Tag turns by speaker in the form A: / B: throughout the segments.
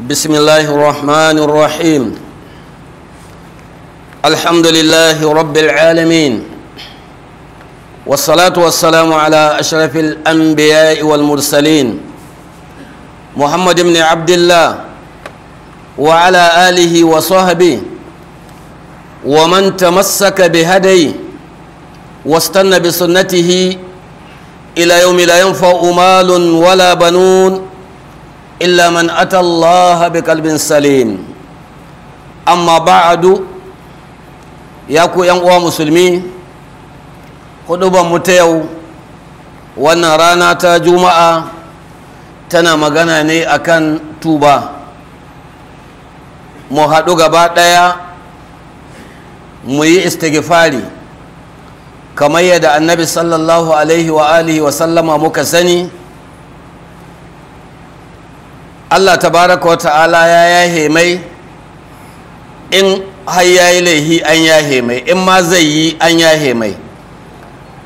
A: بسم الله الرحمن الرحيم الحمد لله رب العالمين والصلاة والسلام على أشرف الأنبياء والمرسلين محمد بن عبد الله وعلى آله وصحبه ومن تمسك بهديه واستنى بسنته إلى يوم لا ينفع مال ولا بنون إلا من أتى الله بقلب سليم أما بعد ياكو ينقوى مسلمي خطبة متيو وانا رانا تا جمعة تنا مغانا ني أكن توبة مهدو غبات mu yi istighfari kamar yadda annabi sallallahu alaihi wa alihi wa sallama muka sani Allah tabaraka wa ta'ala ya yahe mai in har yayi laihi an yahe mai in ma zai yi an yahe mai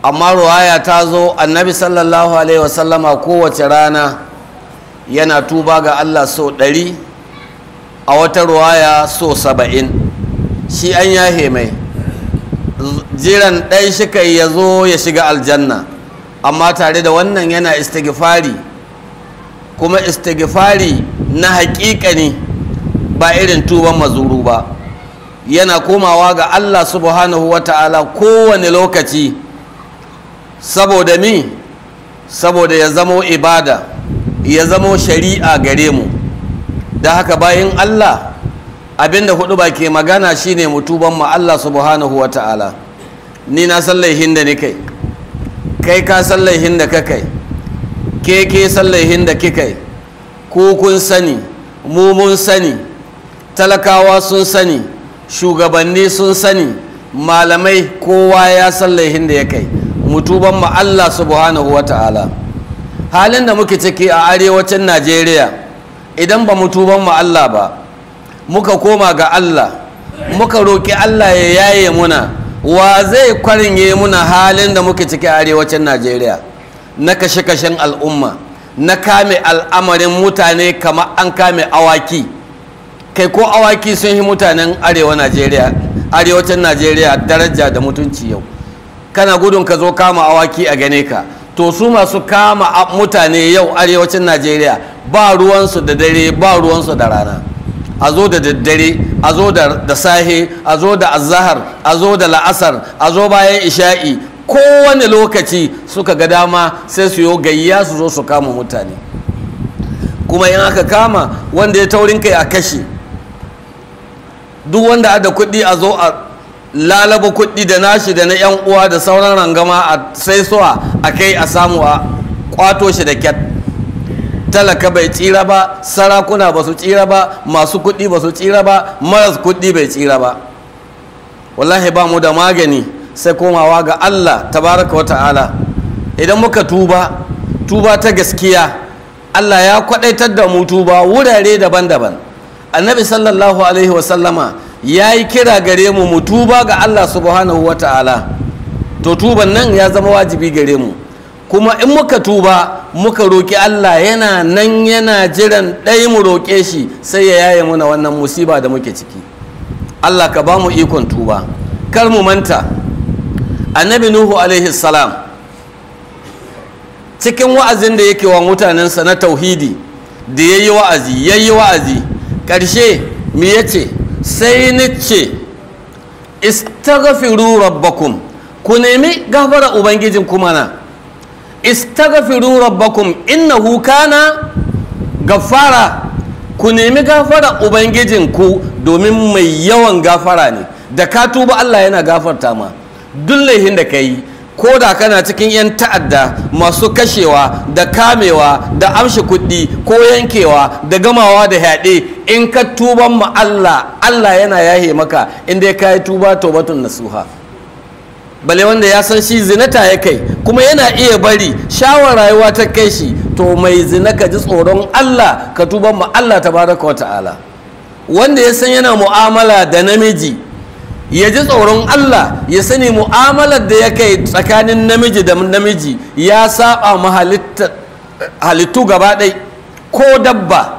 A: amma ruwaya ta zo annabi sallallahu alaihi wasallama kowace rana yana tuba ga Allah so ɗari a wata ruwaya so saba'in shi an yahe mai jiran ɗai shi ya zo ya shiga aljanna amma tare da wannan yana istighfari kuma istighfari na haƙiƙa ne ba irin tuban mazuru ba yana komawa ga Allah subhanahu wa ta'ala kowane lokaci saboda mi saboda ya zamo ibada ya zamo shari'a gare mu da haka bayan Allah abinda hudu ba ke magana shine tuban ma Allah subhanahu wa ta'ala ni na san hinda da ni kai kai ka san laihin da ka kai keke ke sallahin da kika yi ko kun sani mu sani talakawa sun sani shugabanni sun sani malamai kowa ya sallahin da ya kai mutuban ma Allah subhanahu wa ta'ala halin da muke ciki a arewacin Najeriya idan ba mutuban mu Allah ba muka koma ga Allah muka roki Allah ya yaye muna wa zai yi muna halin da muke ciki a arewacin Najeriya na kashe-kashen al'umma na kame al'amarin mutane kama an kame awaki kai ko awaki sun yi mutanen arewa najeriya arewacin najeriya daraja da mutunci yau kana gudun ka zo kama awaki a gane ka to su masu kama mutane yau arewacin najeriya ba ruwansu da dare ba ruwansu da rana a zo da daddare a zo da sahe a zo da azahar a zo da la'asar a zo bayan isha'i kowane lokaci suka ga dama sai su yi gayya su zo su kama mutane kuma in aka kama wanda ya taurin kai a kashe duk wanda ada kuɗi a zo a lalaba kuɗi da nashi da na 'yan uwa da sauran rangama a sai suwa a kai a samu a kwato shi da kyat talaka bai tsira ba sarakuna ba su tsira ba masu kuɗi ba su tsira ba maras kuɗi bai tsira ba wallahi ba mu da magani sai komawa ga Allah tabaraka wa ta'ala idan muka tuba tuba ta gaskiya Allah ya kwadaitar da mu tuba wurare daban-daban annabi sallallahu alaihi wa sallama, ya yi kira gare mu mu tuba ga Allah subhanahu wa ta'ala to tuban nan ya zama wajibi gare mu kuma in muka tuba muka roƙi Allah yana nan yana jiran ɗaya mu roƙe shi sai ya yaye muna wannan musiba da muke ciki Allah ka ba mu ikon tuba kar mu manta annabi nuhu alaihi salam cikin wa'azin da yake wa mutanensa na tauhidi da ya yi wa'azi ya yi wa'azi ƙarshe mi ya ce sai ni ce istaghfiru rabbakum ku nemi gafara ubangijin kuma na istaghfiru rabbakum innahu kana gafara ku nemi gafara ubangijin ku domin mai yawan gafara ne da ka tuba Allah yana gafarta ma duk laihin da ka yi ko da kana cikin 'yan ta'adda masu kashewa da kamewa da amshi kuɗi ko yankewa da gamawa da yaɗe in ka tuban ma Allah Allah yana yahe maka in dai ka yi tuba batun nasuha bale wanda ya san shi zinata ya kai kuma yana iya bari shawar rayuwa ta kai shi to mai zina ka ji tsoron Allah ka tuba ma Allah tabaraka wa ta'ala wanda ya san yana mu'amala da namiji ya ji tsoron Allah ya sani mu'amalar da ya kai tsakanin namiji da namiji ya saba mu halittu gaba ɗai ko dabba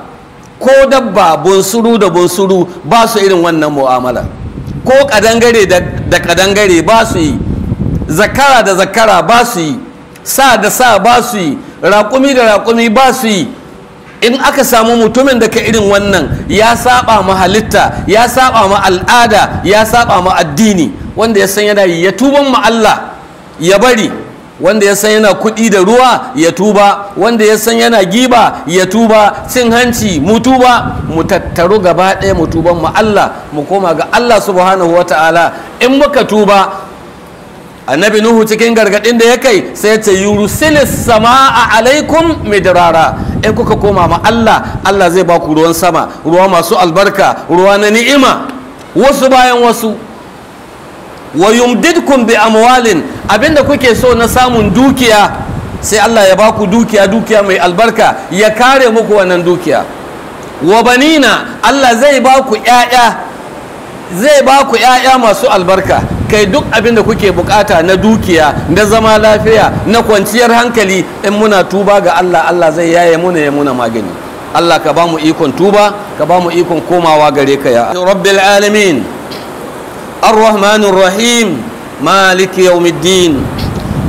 A: ko dabba bunsuru da bunsuru ba su irin wannan mu'amala ko kadangare da kadangare ba su yi zakara da zakara ba su yi sa da sa ba su yi raƙumi da raƙumi ba su yi in aka samu mutumin da ka irin wannan ya saba ma halitta ya saba ma al'ada ya saba ma addini wanda ya san yana yi ya tuban ma Allah ya bari wanda ya san yana kuɗi da ruwa ya tuba wanda ya san yana giba ya tuba cin hanci mu tuba mu tattaru gaba ɗaya mu tuban mu Allah mu koma ga Allah subhanahu ta'ala in muka tuba annabi nuhu cikin gargadin da ya kai sai ce sama sama'a alaikum midrara in eh, kuka koma ma Allah Allah zai baku ruwan sama ruwa masu albarka ruwa na ni'ima wasu bayan wasu wa yumdidkum bi amwalin abinda kuke so na samun dukiya sai Allah ya baku dukiya dukiya mai albarka ya kare muku wannan dukiya wa banina Allah zai baku 'ya'ya zai ba 'ya'ya masu albarka kai duk abin da kuke bukata na dukiya na zama lafiya na kwanciyar hankali in muna tuba ga Allah Allah zai yaye muna ya muna magani Allah ka ba mu ikon tuba ka ba mu ikon komawa gare ka ya rabbil alamin arrahmanir rahim maliki yawmiddin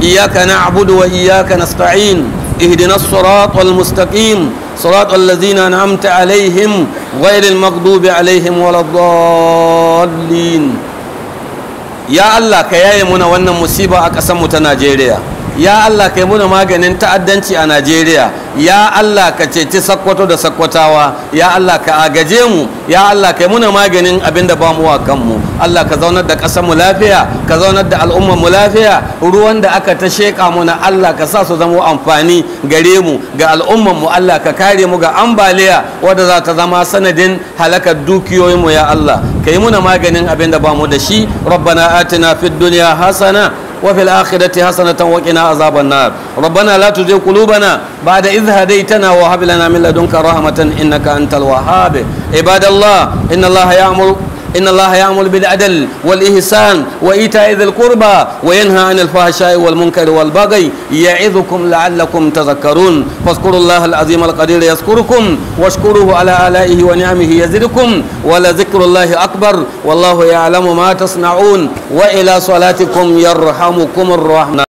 A: iyyaka na'budu wa iyyaka nasta'in ihdinas siratal mustaqim صراط الذين انعمت عليهم غير المغضوب عليهم ولا الضالين ya Allah ka yaye muna wannan musiba a mu ta Najeriya ya Allah kai muna maganin ta'addanci a Najeriya ya Allah ka ceci sakkwato da sakkwatawa ya Allah ka agaje mu ya Allah kai muna maganin abin da ba mu wa kanmu Allah ka zaunar da ƙasar mu lafiya ka zaunar da al'ummar mu lafiya ruwan da aka ta sheƙa muna Allah ka sa su zama amfani gare mu ga al'ummar mu Allah ka kare mu ga ambaliya wadda za ta zama sanadin halakar dukiyoyin mu ya Allah kai muna maganin abin da ba mu da shi rabbana atina fid dunya hasana وفي الآخرة حسنة وقنا عذاب النار ربنا لا تزغ قلوبنا بعد إذ هديتنا وهب لنا من لدنك رحمة إنك أنت الوهاب عباد الله إن الله يأمر إن الله يأمر بالعدل والإحسان وإيتاء ذي القربى وينهى عن الفحشاء والمنكر والبغي يعظكم لعلكم تذكرون فاذكروا الله العظيم القدير يذكركم واشكروه على آلائه ونعمه يزدكم ولذكر الله أكبر والله يعلم ما تصنعون وإلى صلاتكم يرحمكم الرحمن